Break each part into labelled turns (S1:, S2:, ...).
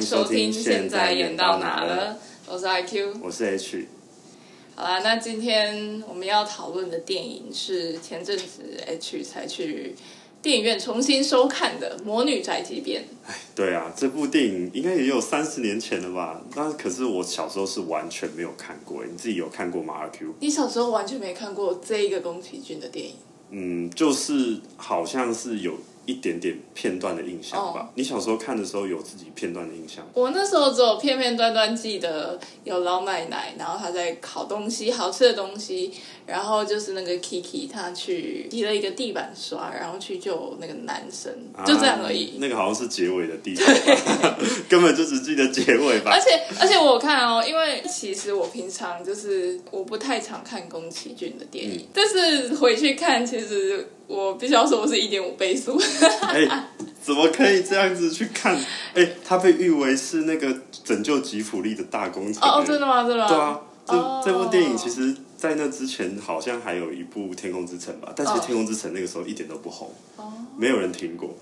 S1: 收聽現在演到哪了？我是 RQ，我是 H。好啦，那今天我們要討論的電影是前陣子 H 才去電影院重新收看的《魔女宅急便》。哎，
S2: 對啊，這部電影應該也有三十年前了吧？但可是我小時候是完全沒有看過。你自己有看過嗎，RQ？
S1: 你小時候完全沒看過這一個宮崎駿的電影？嗯，
S2: 就是好像是有。一點點片段的印象吧，oh.。你小時候看的時候，有自己片段的印象
S1: ，oh.？我那時候只有片片段段記得有老奶奶，然後她在烤東西，好吃的東西。然後就是那個 Kiki，他去提了一個地板刷，然後去救那個男生，啊、就這樣
S2: 而已。那個好像是結尾的地方 根本就只記得結尾吧。而且
S1: 而且我看哦，因為其實我平常就是我不太常看宮崎駿的電影，嗯、但是回去看，其實我必須要說，我是一點五倍速 、
S2: 欸。怎麼可以這樣子去看？哎、欸，他被譽為是那個拯救吉普力的大功臣、欸。哦，真的
S1: 嗎？真的嗎，對啊，這、哦、這部電影其
S2: 實。在那之前好像還有一部《天空之城》吧，但是《天空之城》那個時候一點都不紅，oh. Oh. Oh. 沒有人聽過。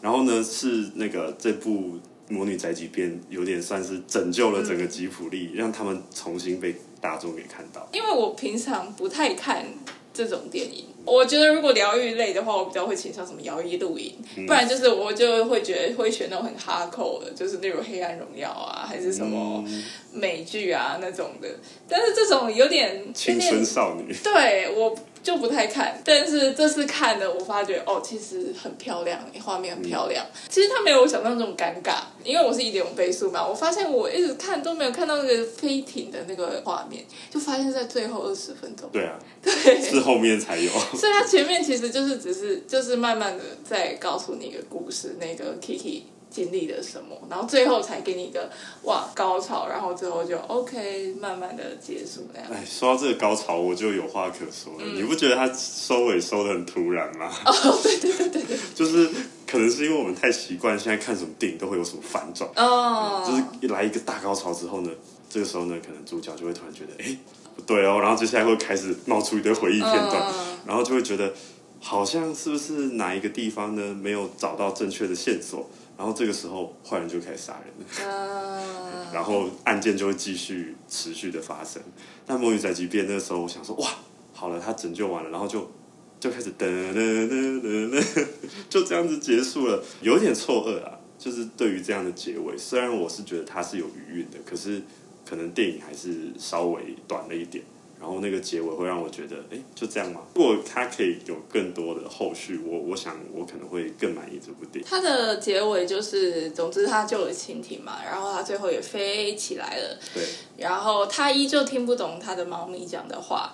S2: 然後呢，是那個這部《魔女宅急便》有點算是拯救了整個吉卜力、嗯，讓他們重新被大眾給
S1: 看到。因為我平常不太看這種電影。我覺得如果療癒類的話，我比較會傾向什麼搖曳露營、嗯，不然就是我就會覺得會選那種很哈扣的，就是那種黑暗榮耀啊，還是什麼美劇啊、嗯、那種的。但是這種有點青春少女，對我。就不太看，但是這次看了我發覺哦，其實很漂亮，畫面很漂亮。嗯。其實他沒有我想象那種尷尬，因為我是一點五倍速嘛。我發現我一直看都沒有看到那個飛艇的那個畫面，就發現在最後二十分鐘。對啊，對，是後面才有。所以它前面其實就是只是就是慢慢的在告訴你一個故事，那個 Kiki。經歷了什
S2: 麼，然後最後才給你一個哇，高潮，然後最後就 OK，慢慢的結束那樣。哎，說到這個高潮，我就有話可說了。嗯。你不覺得他收尾收得很突然嗎？哦、oh，
S1: 對
S2: 對對對 就是可能是因為我們太習慣現在看什麼電影都會有什麼反轉哦，
S1: 就是
S2: 一來一個大高潮之後呢，這個時候呢，可能主角就會突然覺得，哎，不對哦，然後接下來會開始冒出一堆回憶片段，oh. 然後就會覺得好像是不是哪一個地方呢，沒有找到正確的線索。然後這個時候，壞人就開始殺人了。
S1: 然後
S2: 案件就會繼續持續的發生。那《魔女宅急便》那個時候，我想說，哇，好了，他拯救完了，然後就就開始噔噔噔噔，就這樣子結束了，有點錯愕啊。就是對於這樣的結尾，雖然我是覺得它是有餘韻的，可是可能電影還是稍微短了一點。然後那個結尾會讓我覺得，哎，就這樣嗎？如果他可以有更多的後續，我我想我可能會更滿意這部電影。它
S1: 的結尾就是，總之他救了蜻蜓嘛，然後他最後也飛起來了。對。然後他依舊聽不懂他的貓咪講的話，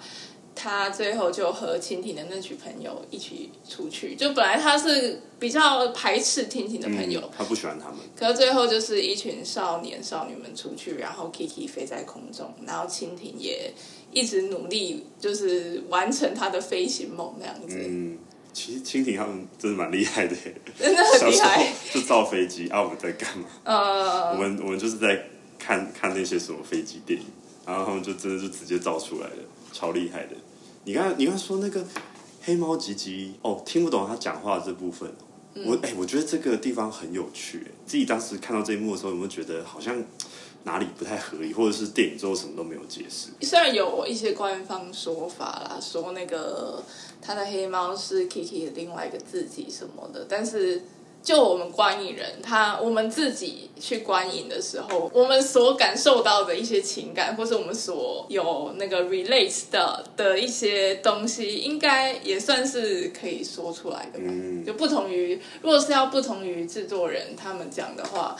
S1: 他最後就和蜻蜓的那群朋友一起出去。就本來他是比較排斥蜻蜓的朋友，嗯，
S2: 他不喜歡他們。
S1: 可是最後就是一群少年少女們出去，然後 Kiki 飛在空中，然後蜻蜓也。一直努力就是完
S2: 成他的飛行夢那樣子。嗯，其實蜻蜓他們真的蠻厲害的，真的很厲害。就造飛機啊，我們在幹嘛
S1: ？Uh... 我們
S2: 我們就是在看看那些什麼飛機電影，然後他們就真的就直接造出來了，超厲害的。你剛剛你剛說那個黑貓吉吉哦，聽不懂他講話的這部分，嗯、我哎、欸，我覺得這個地方很有趣。自己當時看到這一幕的時候，有沒有覺得好像？哪裡不太合理，或者是電影之後什麼都沒有解釋。
S1: 雖然有一些官方說法啦，說那個他的黑貓是 Kiki 的另外一個自己什麼的，但是就我們觀影人，他我們自己去觀影的時候，我們所感受到的一些情感，或是我們所有那個 relate 的的一些東西，應該也算是可以說出來的吧。吧、嗯。就不同於，如果是要不同於製作人他們講的話。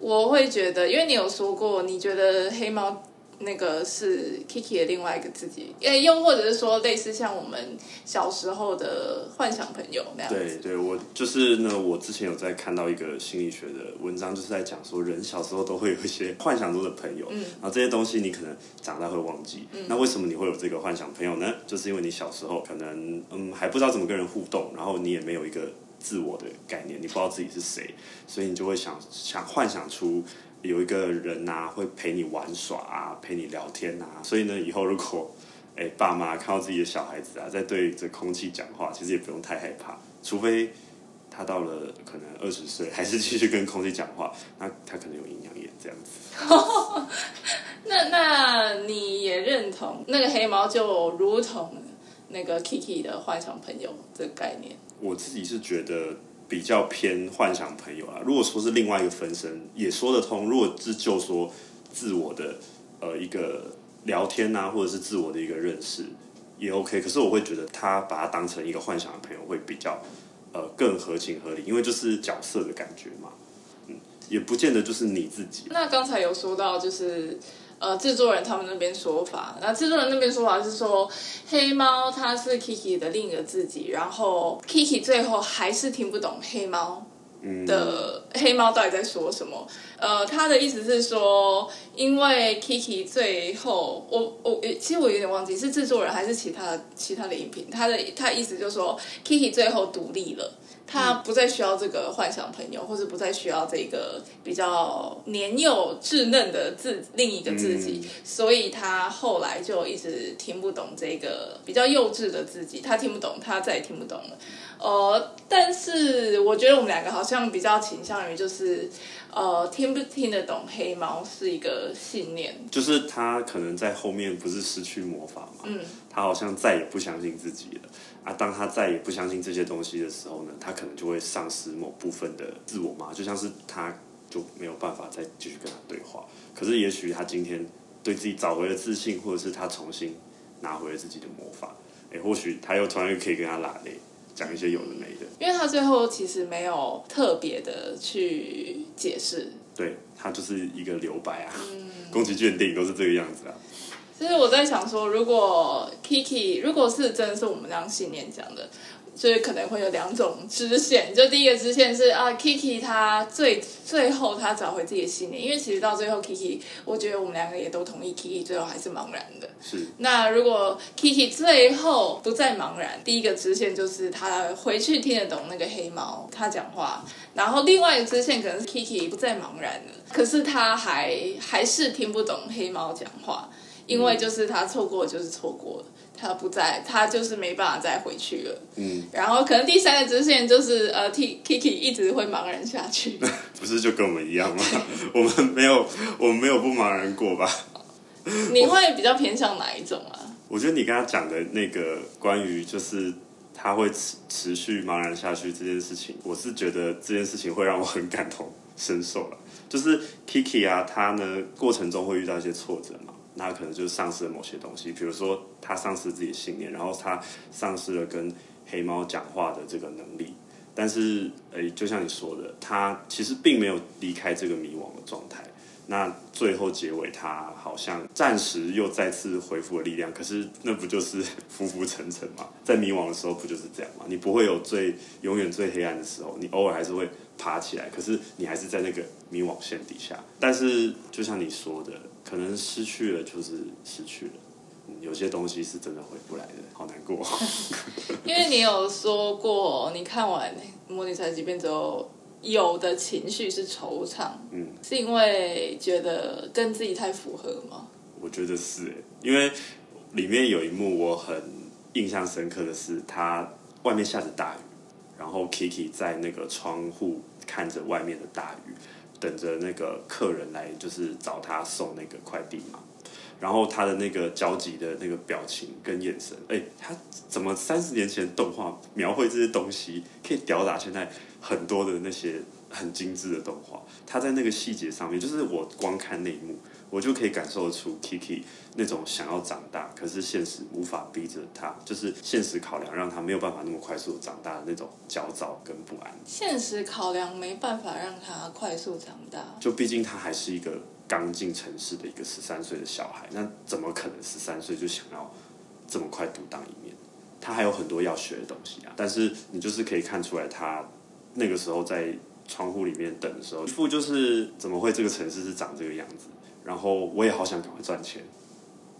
S1: 我會覺得，因為你有說過，你覺得黑貓那個是 Kiki 的另外一個自己，也又或者是說類似像我們小時候的幻想朋友那樣。對，
S2: 對我就是呢，我之前有在看到一個心理學的文章，就是在講說人小時候都會有一些幻想中的朋友，嗯，然後這些東西你可能長大會忘記，嗯，那為什麼你會有這個幻想朋友呢？就是因為你小時候可能嗯還不知道怎麼跟人互動，然後你也沒有一個。自我的概念，你不知道自己是誰，所以你就會想想幻想出有一個人啊，會陪你玩耍啊，陪你聊天啊，所以呢，以後如果、欸、爸媽看到自己的小孩子啊，在對着空氣講話，其實也不用太害怕，除非他到了可能二十歲還是繼續跟空氣講話，那他可能有陰陽眼這樣子。
S1: 那那你也認同那個黑貓就如同那個 Kiki 的幻想朋友的概念？
S2: 我自己是覺得比較偏幻想朋友啊。如果說是另外一個分身，也說得通。如果是就說自我的呃一個聊天啊，或者是自我的一個認識，也 OK。可是我會覺得他把它當成一個幻想的朋友，會比較呃更合情合理，因為就是角色的感覺嘛，嗯。也不見得就是你自己。
S1: 那剛才有說到就是。呃，製作人他們那邊說法，那製作人那邊說法是說，黑貓它是 Kiki 的另一個自己，然後 Kiki 最後還是聽不懂黑貓，的黑貓到底在說什麼？呃，他的意思是說，因為 Kiki 最後，我我其實我有點忘記是制作人還是其他其他的影評。他的他意思就是說，Kiki 最後獨立了，他不再需要這個幻想朋友，或者不再需要這個比較年幼稚嫩的自另一個自己，所以他後來就一直聽不懂這個比較幼稚的自己，他聽不懂，他再也聽不懂了。呃，但是我覺得我們兩個好像比較傾向於就是，呃，聽不聽得懂黑貓是一個信念。
S2: 就是他可能在後面不是失去魔法嘛，嗯，他好像再也不相信自己了。啊，當他再也不相信這些東西的時候呢，他可能就會喪失某部分的自我嘛，就像是他就沒有辦法再繼續跟他對話。可是也許他今天對自己找回了自信，或者是他重新拿回了自己的魔法，哎、欸，或許他又突然又可以跟他拉力。講一些有的沒的，
S1: 因為他最後其實沒有特別的去解釋，
S2: 對，他就是一個留白啊，宮崎駿電影都是這個樣子啊。
S1: 就是我在想說，如果 Kiki 如果是真的是我們這樣信念講的，所以可能會有兩種支線。就第一個支線是啊，Kiki 他最最後他找回自己的信念，因為其實到最後 Kiki 我覺得我們兩個也都同意 Kiki 最後還是茫然的。是。那如果 Kiki 最後不再茫然，第一個支線就是他回去聽得懂那個黑貓他講話，然後另外一個支線可能是 Kiki 不再茫然了，可是他還還是聽不懂黑貓講話。因為就是他錯過，就是錯過了，他不在，他就是沒辦法再回去了。嗯。然後可能第三個支線就是呃，替 Kiki 一直會茫然下去。
S2: 不是就跟我們一樣嗎？我們沒有， 我們沒有不茫然過吧？
S1: 你會比較偏向哪一種啊？
S2: 我覺得你剛剛講的那個關於就是他會持持續茫然下去這件事情，我是覺得這件事情會讓我很感同身受了。就是 Kiki 啊，他呢過程中會遇到一些挫折嘛。他可能就是喪失了某些東西，比如說他喪失自己的信念，然後他喪失了跟黑貓講話的這個能力。但是，誒、欸，就像你說的，他其實並沒有離開這個迷惘的狀態。那最後結尾，他好像暫時又再次恢復了力量。可是，那不就是浮浮沉沉嗎？在迷惘的時候，不就是這樣嗎？你不會有最永遠最黑暗的時候，你偶爾還是會。爬起來，可是你還是在那個迷惘線底下。但是就像你說的，可能失去了就是失去了，有些東西是真的回不來的，好難過。
S1: 因為你有說過，你看完《魔女宅急便》之後，有的情緒是惆悵，嗯，是因為覺得跟自己太符合嗎？
S2: 我覺得是耶，因為裡面有一幕我很印象深刻的是，他外面下着大雨，然後 Kiki 在那個窗戶。看着外面的大雨，等着那個客人來，就是找他送那個快遞嘛。然後他的那個焦急的那個表情跟眼神，哎，他怎麼三十年前動畫描繪這些東西，可以吊打現在很多的那些很精緻的動畫？他在那個細節上面，就是我光看那一幕。我就可以感受得出 Kiki 那種想要長大，可是現實無法逼着他，就是現實考量讓他沒有辦法那麼快速長大的那種焦躁跟不安。
S1: 現實考量沒辦法讓他快速長大，
S2: 就畢竟他還是一個剛進城市的一個十三歲的小孩，那怎麼可能十三歲就想要這麼快獨當一面？他還有很多要學的東西啊。但是你就是可以看出來，他那個時候在窗戶裡面等的時候，一副就是怎麼會這個城市是長這個樣子。然後我也好想趕快賺錢，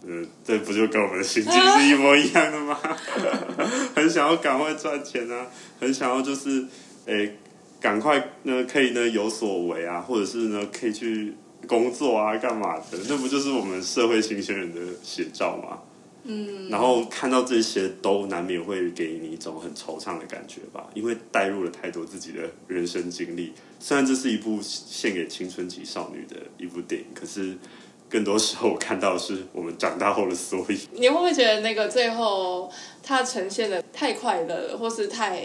S2: 嗯，這不就跟我們的心境是一模一樣的嗎？ 很想要趕快賺錢啊，很想要就是誒，趕快呢可以呢有所為啊，或者是呢可以去工作啊，幹嘛的？那不就是我們社會新鮮人的寫照嗎？嗯，然後看到這些都難免會給你一種很惆悵的感覺吧，因為帶入了太多自己的人生經歷。雖然這是一部獻給青春期少女的一部電影，可是更多時候我看到的是我們長大後的縮影。
S1: 你會不會覺得那個最後它呈現得太快樂，或是太？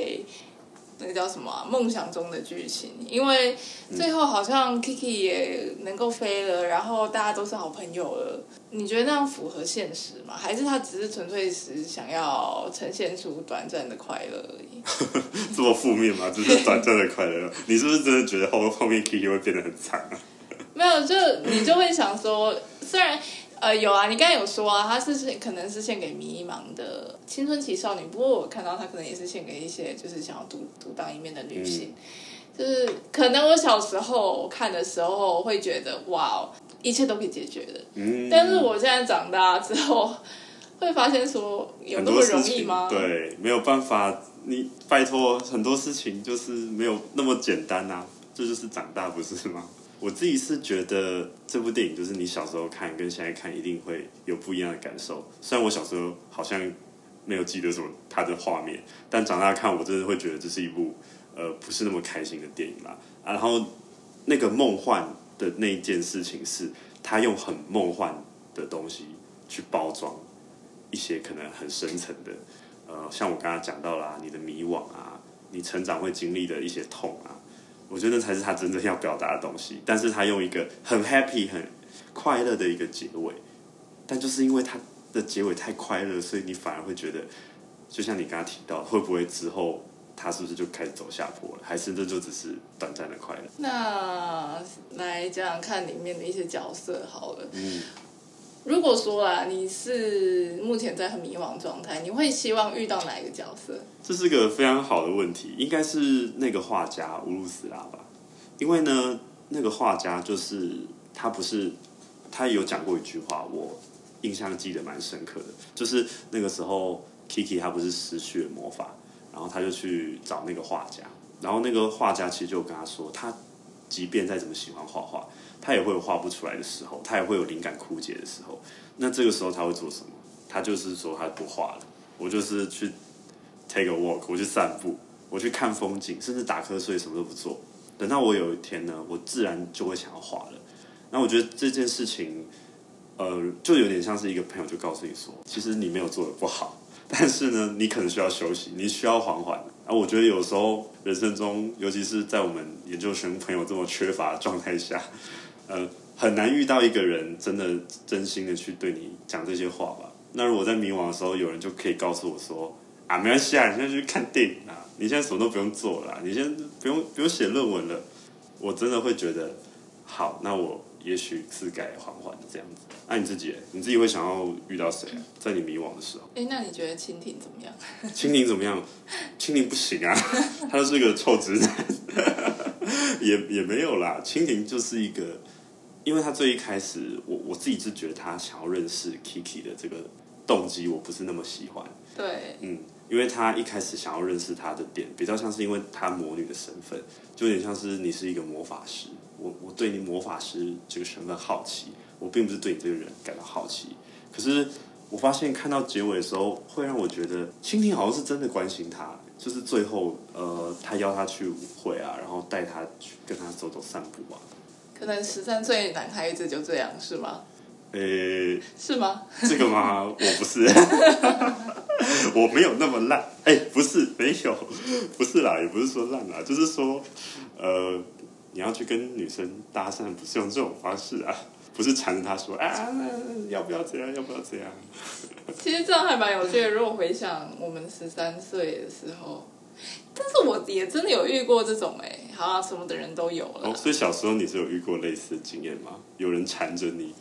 S1: 那個叫什麼、啊？夢想中的劇情，因為最後好像 Kiki 也能夠飛了、嗯，然後大家都是好朋友了。你覺得那樣符合現實嗎？還是他只是純粹是想要呈現出短暫的快樂而已？
S2: 這麼負面嗎？只、就是短暫的快樂？ 你是不是真的覺得後後面 Kiki 會變得很慘啊？
S1: 沒有，就你就會想說，雖然。呃，有啊，你剛才有說啊，他是獻，可能是獻給迷茫的青春期少女。不過我看到他可能也是獻給一些就是想要獨獨當一面的女性。嗯。就是可能我小時候看的時候會覺得哇，一切都可以解決的。嗯。但是我現在長大之後，會發現說有那麼容易嗎？對，
S2: 沒有辦法，你拜托很多事情就是沒有那麼簡單吶，啊。這就，就是長大，不是嗎？我自己是覺得這部電影就是你小時候看跟現在看一定會有不一樣的感受。雖然我小時候好像沒有記得什麼它的畫面，但長大看我真的會覺得這是一部呃不是那麼開心的電影啦、啊。然後那個夢幻的那一件事情是，他用很夢幻的東西去包裝一些可能很深層的呃，像我剛剛講到啦、啊，你的迷惘啊，你成長會經歷的一些痛啊。我覺得那才是他真正要表達的東西，但是他用一個很 happy、很快樂的一個結尾，但就是因為他的結尾太快樂，所以你反而會覺得，就像你剛剛提到，會不會之後他是不是就開始走下坡了？還是這就只是短暫的快樂？
S1: 那來講講看裡面的一些角色好了。嗯。如果說啊，你是目前在很迷惘狀態，你會希望遇到哪一個角色？
S2: 這是個非常好的問題，應該是那個畫家烏魯斯拉吧。因為呢，那個畫家就是他，不是他有講過一句話，我印象記得蠻深刻的，就是那個時候 Kiki 他不是失去了魔法，然後他就去找那個畫家，然後那個畫家其實就跟他說，他即便再怎麼喜歡畫畫。他也會有畫不出來的時候，他也會有靈感枯竭的時候。那這個時候他會做什麼？他就是說他不畫了。我就是去 take a walk，我去散步，我去看風景，甚至打瞌睡，什麼都不做。等到我有一天呢，我自然就會想要畫了。那我覺得這件事情，呃，就有點像是一個朋友就告訴你說，其實你沒有做得不好，但是呢，你可能需要休息，你需要緩緩。而、啊、我覺得有時候人生中，尤其是在我們研究生朋友這麼缺乏的狀態下。呃，很難遇到一個人真的真心的去對你講這些話吧。那如果在迷惘的時候，有人就可以告訴我說：“啊，沒關係啊，你現在去看電影啊，你現在什麼都不用做了啊，你先不用不用寫論文了。”我真的會覺得，好，那我也許是該緩緩的這樣子。那你自己，你自己會想要遇到誰啊？在你迷惘的時候。哎，嗯，
S1: 欸，那你覺得蜻蜓怎麼樣？蜻蜓怎
S2: 麼樣？ 蜻蜓不行啊，他是一個臭直男。 也也沒有啦，蜻蜓就是一個。因為他最一開始，我我自己是覺得他想要認識 Kiki 的這個動機，我不是那麼喜歡。
S1: 對，
S2: 嗯，因為他一開始想要認識他的點，比較像是因為他魔女的身份，就有點像是你是一個魔法師，我我對你魔法師這個身份好奇，我並不是對你這個人感到好奇。可是我發現看到結尾的時候，會讓我覺得蜻蜓好像是真的關心他，就是最後呃，他邀他去舞會啊，然後帶他去跟他走走散步啊。
S1: 可能十三歲
S2: 男孩子就這
S1: 樣是嗎？呃、欸，
S2: 是嗎？這個嗎？我不是， 我沒有那麼爛。哎、欸，不是，沒有，不是啦，也不是說爛啦，就是說，呃，你要去跟女生搭訕，不是用這種方式啊，不是纏着她說啊，要不要這樣，要不要這樣。
S1: 其實這樣還蠻有趣的。如果回想我們十三歲的時候。但是我也真的有遇過這種哎、欸，好像什麼的人都有
S2: 了。哦，所以小時候你是有遇過類似經驗嗎？有人纏着你？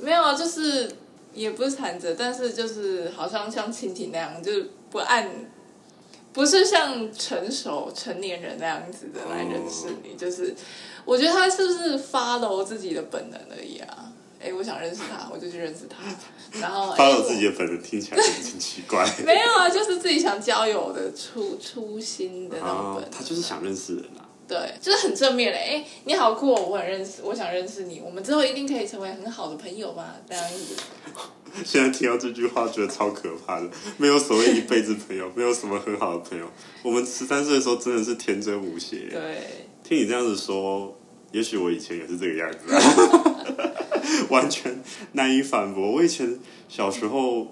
S1: 沒有啊，就是也不是纏着，但是就是好像像蜻蜓那樣，就是不按，不是像成熟成年人那樣子的來認識你，哦，就是我覺得他是不是 follow 自己的本能而已啊？哎、欸，我想認識他，
S2: 我就去認識他。然後交有自己的本人、欸、聽
S1: 起來很奇怪。沒有啊，就是自己想交友的初初心的、啊、那本
S2: 的。他就是想認識人嘛、啊。
S1: 對，就是很正面的哎、欸，你好酷、哦，我很認識，我想認識你，我們之後一定可以成為很好的朋友嘛？這
S2: 樣子。現在聽到這句話覺得超可怕的，沒有所謂一輩子朋友，沒有什麼很好的朋友。我們十三歲的時候真的是天真無邪、嗯。對。聽你這樣子說，也許我以前也是這個樣子。 完全難以反駁。我以前小時候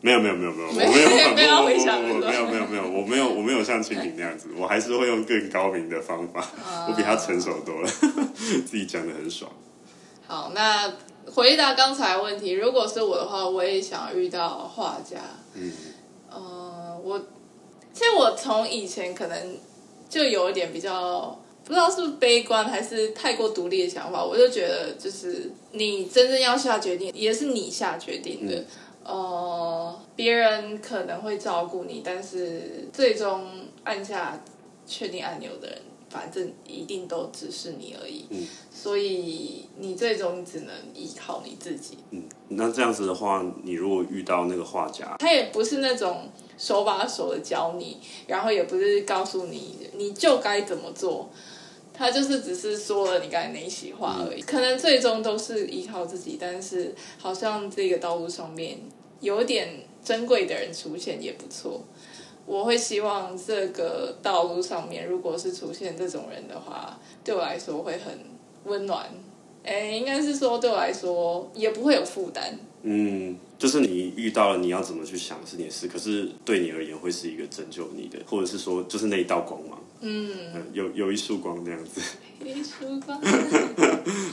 S2: 沒有沒有沒有沒有沒我沒有反駁，
S1: 不沒有沒有沒有沒有
S2: 我沒有我沒有，我沒有像蜻蜓那樣子， 我還是會用更高明的方法。Uh, 我比他成熟多了， 自己講得很爽。
S1: 好，那回答剛才問題，如果是我的話，我也想遇到畫家。嗯，uh, 我其實我從以前可能就有一點比較。不知道是不是悲觀，還是太過獨立的想法，我就覺得，就是你真正要下決定，也是你下決定的。嗯。呃，別人可能會照顧你，但是最終按下確定按鈕的人，反正一定都只是你而已。嗯。所以你最終只能依靠你自己。嗯。
S2: 那這樣子的話，你如果遇到那個畫家，他
S1: 也不是那種手把手的教你，然後也不是告訴你你就該怎麼做。他就是只是說了你剛才那一席話而已，嗯、可能最終都是依靠自己，但是好像這個道路上面有點珍貴的人出現也不錯。我會希望這個道路上面，如果是出現這種人的話，對我來說會很溫暖。哎、欸，應該是說對我來說也不會有負擔。
S2: 嗯，就是你遇到了，你要怎麼去想是你的事，可是對你而言會是一個拯救你的，或者是說就是那一道光芒。嗯，有有一束光那樣子。一束
S1: 光。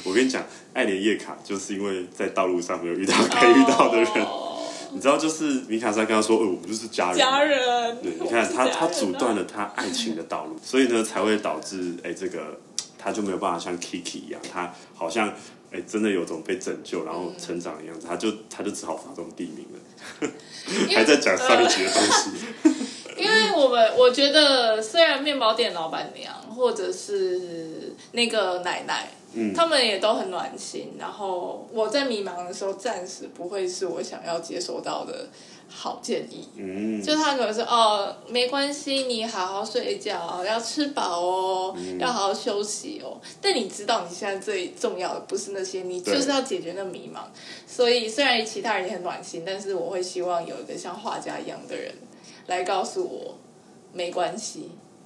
S2: 我跟你講，艾連葉卡就是因為在道路上沒有遇到該遇到的人。哦，你知道就是米卡莎跟他說，哦、欸，我們就是，是家人。家
S1: 人。
S2: 對，你看，啊、他他阻斷了他愛情的道路，嗯、所以呢才會導致哎、欸、這個他就沒有辦法像 Kiki 一樣，他好像哎、欸、真的有種被拯救然後成長的樣子，嗯、他就他就只好發動地鳴
S1: 了， 還在講上一集的東西。 因為我們我覺得，雖然面包店老板娘或者是那個奶奶，嗯，他們也都很暖心。然後我在迷茫的時候，暫時不會是我想要接收到的好建議。嗯，就他可能說，哦，沒關係，你好好睡覺，要吃飽哦，嗯，要好好休息哦。但你知道，你現在最重要的不是那些，你就是要解決那迷茫。所以雖然其他人也很暖心，但是我會希望有一個像畫家一樣的人。來告訴我，沒關係。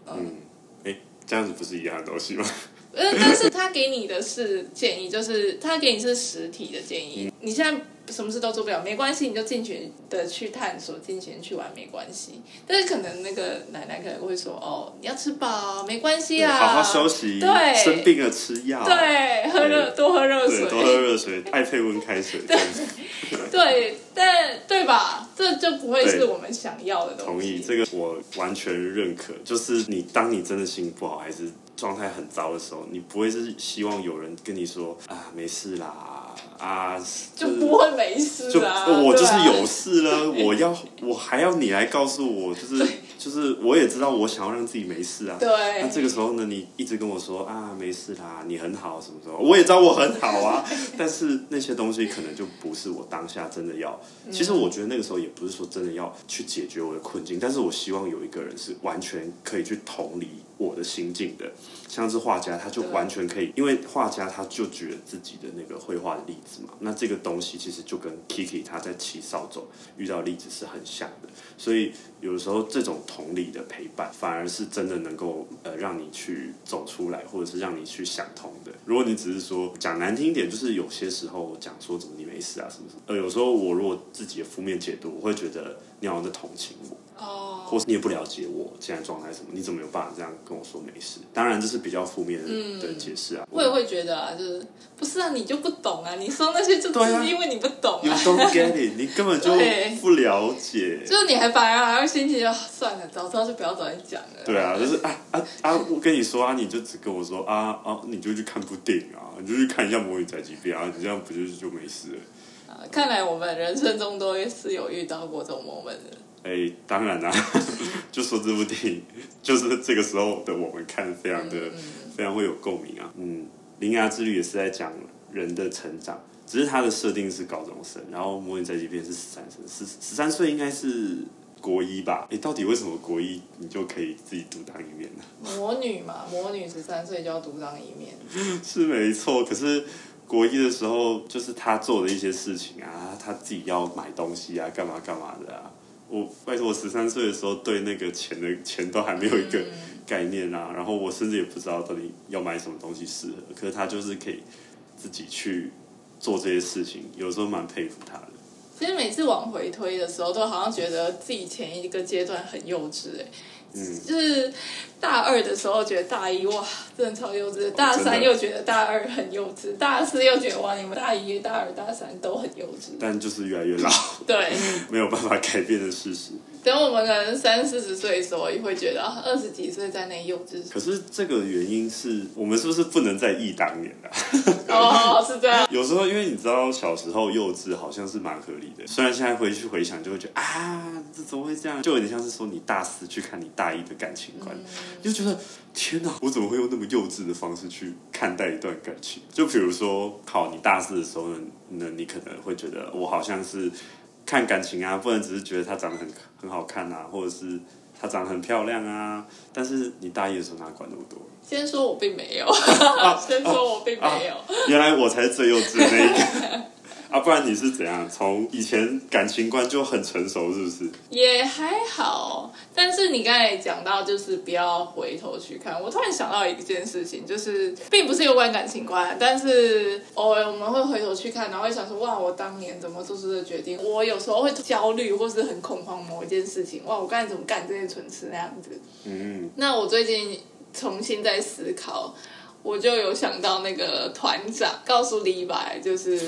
S1: 嗯，
S2: 哎、嗯欸，這樣子不是一樣的東西嗎？
S1: 但是他給你的是建議，就是他給你是實體的建議。嗯、你現在，什麼事都做不了，沒關係，你就盡情的去探索，盡情去，去玩，沒關係。但是可能那個奶奶可能會說：“哦，你要吃飽，沒關係啊。”好好
S2: 休息。對。生病了吃藥。對，
S1: 喝熱多喝熱水，多喝
S2: 熱水，愛 配溫開水。對對
S1: 對，對，對吧？這就不會是我們想要的東西。
S2: 同意，這個我完全認可。就是你，當你真的心不好，還是狀態很糟的時候，你不會是希望有人跟你說：“啊，沒事啦。”啊、就是，
S1: 就不會沒事、啊、就我就是有
S2: 事了，啊、我要我還要你來告訴我，就是就是，我也知道，我想要讓自己沒事啊。對。那這個時候呢，你一直跟我說啊，沒事啦，你很好，什麼時候？我也知道我很好啊，但是那些東西可能就不是我當下真的要。其實我覺得那個時候也不是說真的要去解決我的困境，嗯、但是我希望有一個人是完全可以去同理。我的心境的，像是畫家，他就完全可以，因為畫家他就舉了自己的那個繪畫的例子嘛，那這個東西其實就跟 Kiki 他在騎掃帚遇到的例子是很像的，所以有時候這種同理的陪伴，反而是真的能夠呃讓你去走出來，或者是讓你去想通的。如果你只是說，講難聽一點，就是有些時候我講說怎麼你沒事啊什麼什麼，呃有時候我如果自己的負面解讀，我會覺得你要在同情我。哦、oh，或是你也不了解我現在狀態什麼，你怎麼有辦法這樣跟我說沒事？當然這是比較負面的解釋啊。我、嗯、也
S1: 會，會覺得啊，就是不是啊，你就不懂啊，你說那些就只是因為你不懂、啊。啊、you don't get it
S2: 你根本就不了解。就是
S1: 你還反而還會心情，就算了，早知道就不要早點講了。
S2: 對啊，就是啊啊啊！我跟你說啊，你就只跟我說啊啊，你就去看部電影啊，你就去看一下《魔女宅急便》啊，你這樣不就是就沒事了？啊，
S1: 看來我們人生中都是有遇到過這種 moment 的。
S2: 哎、欸，當然啦、啊，就說這部電影， 就是這個時候的我們看，非常的、嗯嗯，非常會有共鳴啊。嗯，《鈴芽之旅》也是在講人的成長，只是他的設定是高中生，然後《魔女宅急便》是十三歲，十十三歲應該是國一吧？哎、欸，到底為什麼國一你就可以自己獨當一面呢？魔女嘛，
S1: 魔女十三歲就要獨當一
S2: 面，是沒錯。可是國一的時候，就是他做的一些事情啊，他自己要買東西啊，幹嘛幹嘛的啊。我，拜託，我十三歲的時候對那個錢的錢都還沒有一個概念啊，嗯，然後我甚至也不知道到底要買什麼東西適合，可是他就是可以自己去做這些事情，有時候蠻佩服他的。
S1: 其實每次往回推的時候，都好像覺得自己前一個階段很幼稚哎、欸。嗯、就是大二的時候覺得大一，哇真的超幼稚、哦，大三又覺得大二很幼稚，哦、大四又覺得哇你們大一、大二、大三都很幼稚，
S2: 但就是越來越老， 對，沒有辦法改變的事實。
S1: 等我們可能
S2: 三四十歲的時候，也會覺得二十幾歲在那幼稚。可是這個原因是我們是不是不能再憶當年了、啊？哦、 oh,，
S1: 是這樣。有時候
S2: 因為你知道，小時候幼稚好像是蠻合理的，雖然現在回去回想就會覺得啊，這怎麼會這樣？就有點像是說你大四去看你大一的感情觀，嗯、就覺得天哪，我怎麼會用那麼幼稚的方式去看待一段感情？就比如說，考你大四的時候呢，那你可能會覺得我好像是。看感情啊，不能只是覺得她長得很很好看啊，或者是她長得很漂亮啊。但是你大一的時候哪管那麼多？先
S1: 說我並沒有，啊啊、先說我並沒有。啊啊、
S2: 原來我才是最幼稚的那一個。 啊，不然你是怎樣？從以前感情觀就很成熟，是不是？
S1: 也還好，但是你剛才講到，就是不要回頭去看。我突然想到一件事情，就是並不是有關感情觀，但是偶爾、哦、我們會回頭去看，然後會想說：哇，我當年怎麼做出的決定？我有時候會焦慮，或是很恐慌某一件事情。哇，我剛才怎麼幹這些蠢事那樣子？嗯。那我最近重新在思考。我就有想到那個團長告訴李白，就是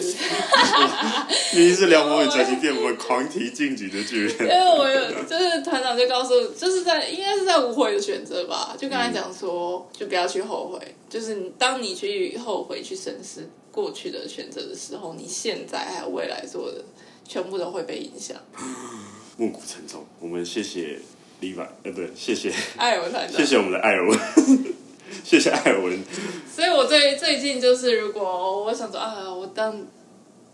S2: 你是梁朝偉轉型變不為狂提進擊的巨人， 因為我有
S1: 就是團長就告訴，就是在應該是在無悔的抉擇吧，就剛才講說，就不要去後悔，就是當你去後悔去審視過去的選擇的時候，你現在還有未來做的全部都會被影響。
S2: 暮鼓晨鐘，我們謝謝李白、呃，呃不對，謝謝
S1: 艾爾文團長，謝謝我們
S2: 的艾爾文。 謝謝艾文。
S1: 所以，我最最近就是，如果我想說啊，我當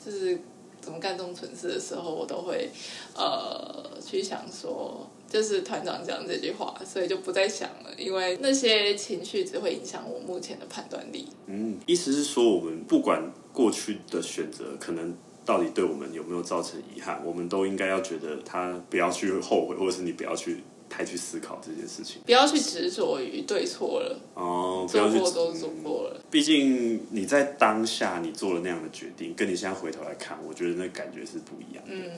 S1: 就是怎麼幹這種蠢事的時候，我都會呃去想說，就是團長講這句話，所以就不再想了，因為那些情緒只會影響我目前的判斷力。
S2: 嗯，意思是說，我們不管過去的選擇，可能到底對我們有沒有造成遺憾，我們都應該要覺得他不要去後悔，或者是你不要去。還去思考這件事情，
S1: 不要去執着於對錯了
S2: 哦，對、嗯、都
S1: 做過了。
S2: 畢竟你在當下你做了那樣的決定，跟你現在回頭來看，我覺得那感覺是不一樣的。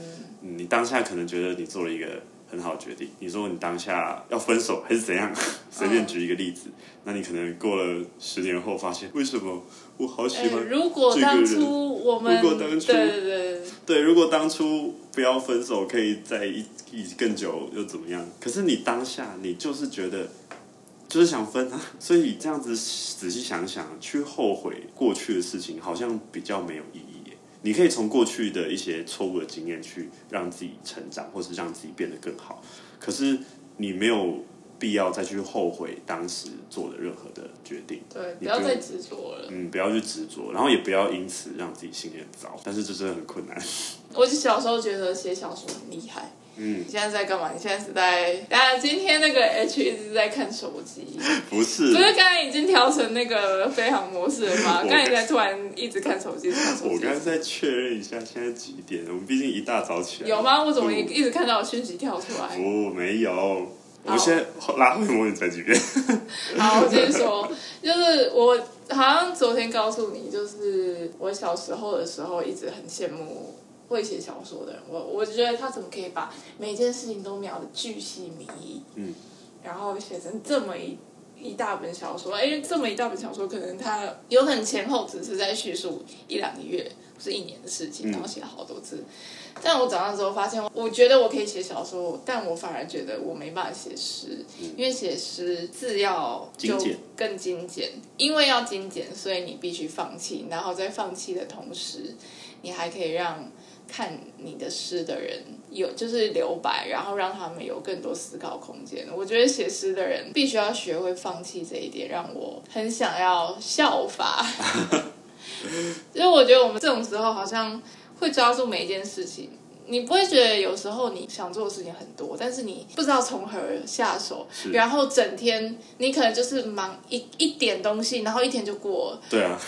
S2: 嗯，你當下可能覺得你做了一個。很好決定，你說你當下要分手還是怎樣？啊、隨便舉一個例子，那你可能過了十年後發現，為什麼我好喜歡、欸？如果當初
S1: 我們，如果當初，對，對，對，
S2: 對，如果當初不要分手，可以在一起更久，又怎麼樣？可是你當下，你就是覺得，就是想分啊。所以這樣子仔細想想，去後悔過去的事情，好像比較沒有意義。你可以從過去的一些錯誤的經驗去讓自己成長，或是讓自己變得更好。可是你沒有必要再去後悔當時做的任何的決定。對，你不要再執着了。嗯，不要去執着，然後也不要因此讓自己心裡很糟。但是這真的很困難。
S1: 我小時候覺得寫小說很厲害。嗯，你現在在幹嘛？你現在是在……當然，今天那個 H 一直在看手機。不是。不是，剛才已經調成那個飛航模式了嗎？剛才突然一直看手機。我剛
S2: 才在確認一下現在幾點？我們畢竟一大早起來。有嗎？我怎麼一一
S1: 直看到訊息跳出來？
S2: 不，沒有。我現在拉回模擬再幾遍。 好，我繼續說。
S1: 就是我好像昨天告訴你，就是我小時候的時候，一直很羨慕會寫小說的人，我我覺得他怎麼可以把每件事情都描得巨細靡遺，嗯，然後寫成這麼一一大本小說，因為這麼一大本小說，可能他有可能前後只是在敘述一兩個月，不是一年的事情，嗯、然後寫了好多字。但我長大之後發現，我覺得我可以寫小說，但我反而覺得我沒辦法寫詩，因為寫詩字要就更精簡，精簡因為要精簡，所以你必須放棄，然後在放棄的同時，你還可以讓。看你的詩的人有就是留白，然後讓他們有更多思考空間。我覺得寫詩的人必須要學會放棄這一點，讓我很想要效法。因 為 我覺得我們這種時候好像會抓住每一件事情。你不會覺得有時候你想做的事情很多，但是你不知道從何下手，然後整天你可能就是忙一一點東西，然後一天就過了？對啊。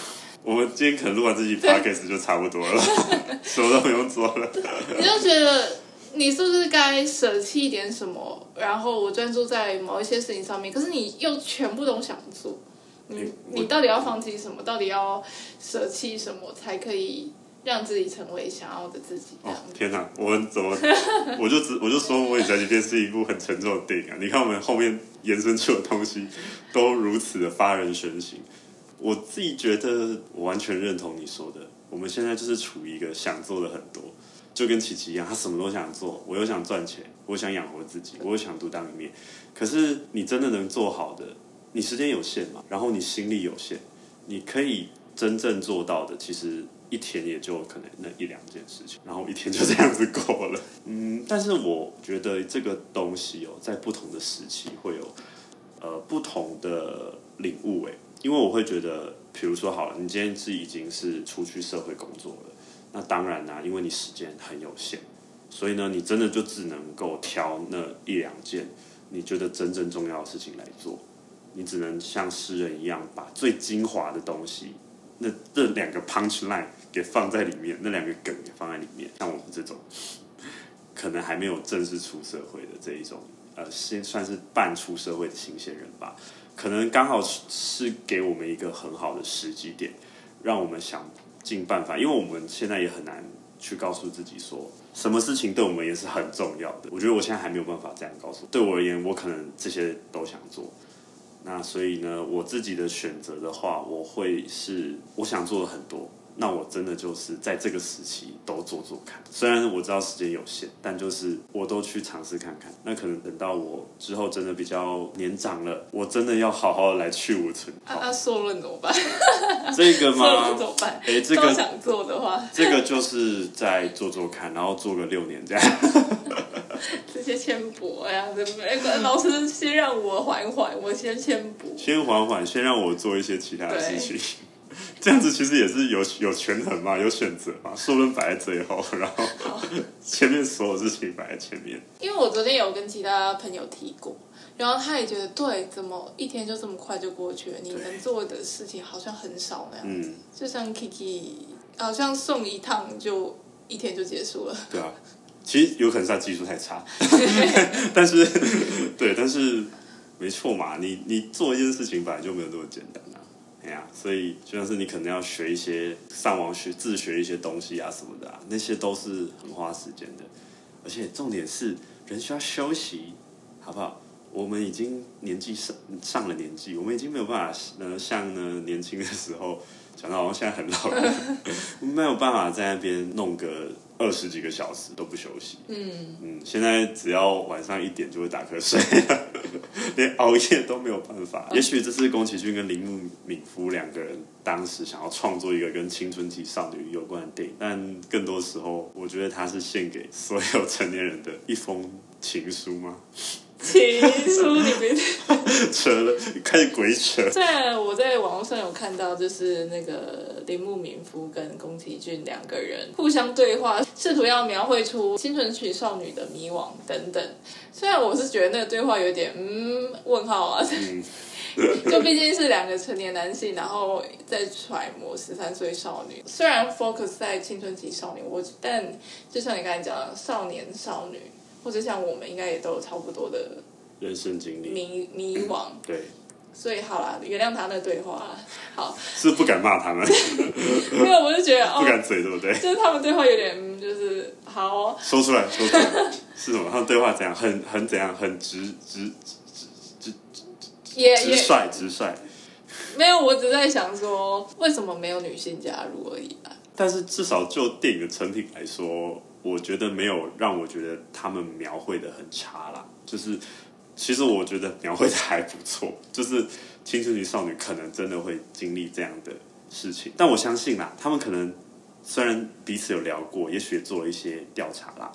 S2: 我們今天可能錄完這集 podcast 就差不多了， 什麼都不用做了。你
S1: 就覺得你是不是該捨棄一點什麼，然後我專注在某一些事情上面？可是你又全部都想做，你、欸，你到底要放棄什麼？到底要捨棄什麼才可以讓自己成為想要的自己？哦，
S2: 天哪，啊！我們怎麼？我就只我就說我也在這邊是一部很沉重的電影，啊，你看我們後面延伸出的東西都如此的發人深省。我自己覺得，我完全認同你說的。我們現在就是處於一個想做的很多，就跟琪琪一樣，他什麼都想做。我又想賺錢，我想養活自己，我又想獨當一面。可是你真的能做好的，你時間有限嘛，然後你心力有限，你可以真正做到的，其實一天也就可能那一兩件事情，然後一天就這樣子過了。嗯，但是我覺得這個東西哦，在不同的時期會有呃不同的領悟哎。因為我會覺得，比如說好了，你今天是已經是出去社會工作了，那當然啦、啊，因為你時間很有限，所以呢，你真的就只能夠挑那一兩件你覺得真正重要的事情來做。你只能像詩人一樣，把最精華的東西，那那兩個 punch line 給放在裡面，那兩個梗給放在裡面。像我們這種，可能還沒有正式出社會的這一種。呃，先算是半出社會的新鮮人吧，可能剛好是給我們一個很好的時機點，讓我們想盡辦法，因為我們現在也很難去告訴自己說，什麼事情對我們也是很重要的。我覺得我現在還沒有辦法這樣告訴，對我而言，我可能這些都想做。那所以呢，我自己的選擇的話，我會是，我想做的很多。那我真的就是在這個時期都做做看，雖然我知道時間有限，但就是我都去嘗試看看。那可能等到我之後真的比較年長了，我真的要好好的來去蕪存。那、啊啊、
S1: 碩論怎麼辦？這個嗎？碩論怎麼辦？哎、欸，這個想做的話，這個
S2: 就是在做做看，然後做個六年這樣。
S1: 這些淺薄呀、啊這個欸，老師先讓我緩緩，我先先不，
S2: 先緩緩，先讓我做一些其他的事情。這樣子其實也是有有權衡嘛，有選擇嘛，說不定擺在最後，然後前面所有事情擺在前面。
S1: 因為我昨天有跟其他朋友提過，然後他也覺得對，怎麼一天就這麼快就過去了？你能做的事情好像很少那樣子，嗯。就像 Kiki，好像送一趟就一天就結束了。
S2: 對啊，其實有可能是他技術太差， 但是對，但是沒錯嘛，你你做一件事情本來就沒有那麼簡單。所以就像是你可能要學一些上網、學自學一些東西啊什麼的啊，那些都是很花時間的，而且重點是人需要休息，好不好？我們已經年紀上上了年紀，我們已經沒有辦法呃像呢年輕的時候，講到好像現在很老了， 沒有辦法在那邊弄個。二十幾個小時都不休息，嗯，嗯，現在只要晚上一點就會打瞌睡了，連熬夜都沒有辦法。啊、也許這是宮崎駿跟鈴木敏夫兩個人當時想要創作一個跟青春期少女有關的電影，但更多時候，我覺得他是獻
S1: 給所有成年人的一封情書嗎？情書裡面。
S2: 可以鬼扯。
S1: 在我在網絡上有看到，就是那個鈴木敏夫跟宮崎駿兩個人互相對話，試圖要描繪出青春期少女的迷惘等等。雖然我是覺得那個對話有點嗯問號啊，嗯、 就畢竟是兩個成年男性，然後在揣摩十三歲少女。雖然 focus 在青春期少女，我但就像你剛才講的，少年少女，或者像我們應該也都有差不多的。
S2: 人生經歷迷
S1: 迷惘，嗯，對，所以好了，原諒他那對話。
S2: 好是不敢罵他們 沒有，我就覺得不敢嘴，對不對？就是
S1: 他們對話有點，就是好、
S2: 哦，說出來，說出來 是什麼？他們對話怎樣？很很怎樣？很直直直
S1: 直也直率
S2: yeah, 直率直率。
S1: 沒有，我只在想說，為什麼沒有女性加入而已
S2: 吧？但是至少就電影的成品來說，我覺得沒有讓我覺得他們描繪的很差啦，就是。其實我覺得描繪的還不錯，就是青春期少女可能真的會經歷這樣的事情，但我相信啦，他們可能雖然彼此有聊過，也許做了一些調查啦，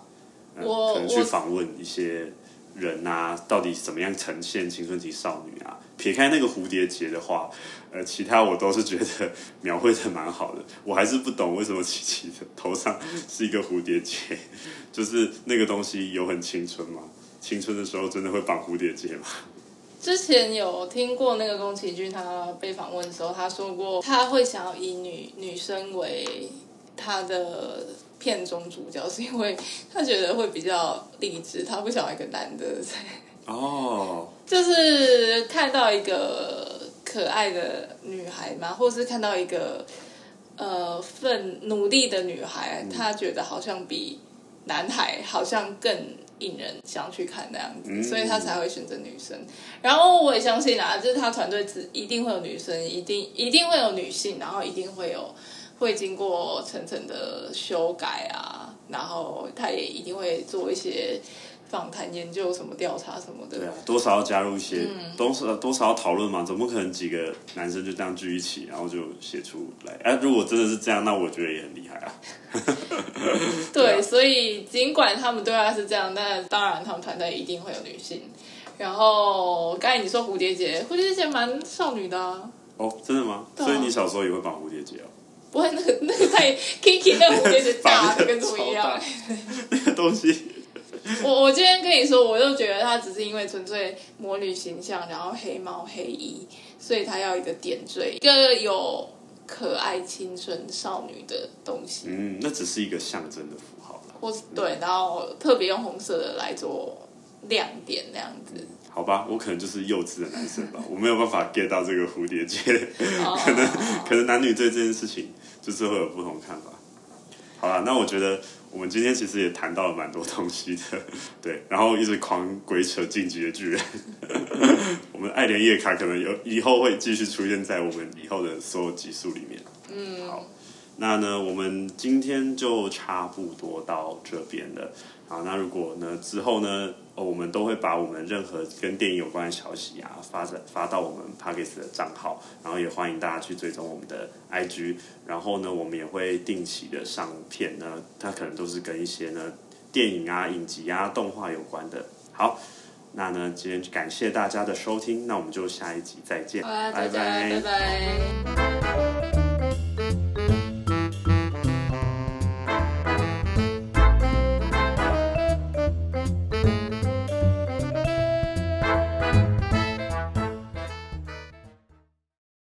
S1: 呃，可能去訪
S2: 問一些人啊，到底怎麼樣呈現青春期少女啊？撇開那個蝴蝶結的話，呃，其他我都是覺得描繪的蠻好的。我還是不懂為什麼琪琪的頭上是一個蝴蝶結，就是那個東西有很青春嗎？青春的時候真的會綁蝴蝶結嗎？
S1: 之前有聽過那個宮崎駿，他被訪問的時候，他說過他會想要以女女生為他的片中主角，是因為他覺得會比較勵志，他不想要一個男的在哦，oh. 就是看到一個可愛的女孩嘛，或是看到一個呃奮努力的女孩，他、嗯、覺得好像比男孩好像更。引人想去看那樣子，嗯，所以他才會選擇女生。然後我也相信啊，就是他團隊只一定會有女生，一定一定會有女性，然後一定會有會經過層層的修改啊，然後他也一定會做一些。訪談研究什麼調查什麼
S2: 的，對啊，多少要加入一些，嗯、多少多少要討論嘛，怎麼可能幾個男生就這樣聚一起，然後就寫出來？哎、呃，如果真的是這樣，那我覺得也很厲害啊。
S1: 對，啊對啊，所以儘管他們對外是這樣，但當然他們團隊一定會有女性。然後剛才你說蝴蝶結，蝴蝶結蠻少女的、
S2: 啊、哦，真的嗎、啊？所以你小時候也會綁蝴蝶結哦？
S1: 不會，那個那個太 Kiki 那個、キキ蝴蝶結大， 跟什麼一樣，那個東西。 我我今天跟你說，我就覺得他只是因為純粹魔女形象，然後黑貓黑衣，所以他要一個點綴，一個有可愛青春少女的
S2: 東西。嗯，那只是一個象徵的符號。
S1: 或是對，然後特別用紅色的來做亮點那樣
S2: 子、嗯。好吧，我可能就是幼稚的男生吧， 我沒有辦法 get 到這個蝴蝶結， 好好好可能可能男女對這件事情就是會有不同看法。好了，那我覺得。我們今天其實也談到了蠻多東西的，對，然後一直狂鬼扯《進擊的巨人》 我們艾連葉卡可能有以後會繼續出現在我們以後的所有集數裡面。嗯，好，那呢，我們今天就差不多到這邊了。好，那如果呢，之後呢？哦，我們都會把我們任何跟電影有關的消息啊，發在發到我們帕克斯的賬號，然後也歡迎大家去追蹤我們的 IG，然後呢，我們也會定期的上片呢，它可能都是跟一些呢電影啊、影集啊、動畫有關的。好，那呢，今天感謝大家的收聽，那我們就下一集再見，拜拜、啊、拜拜。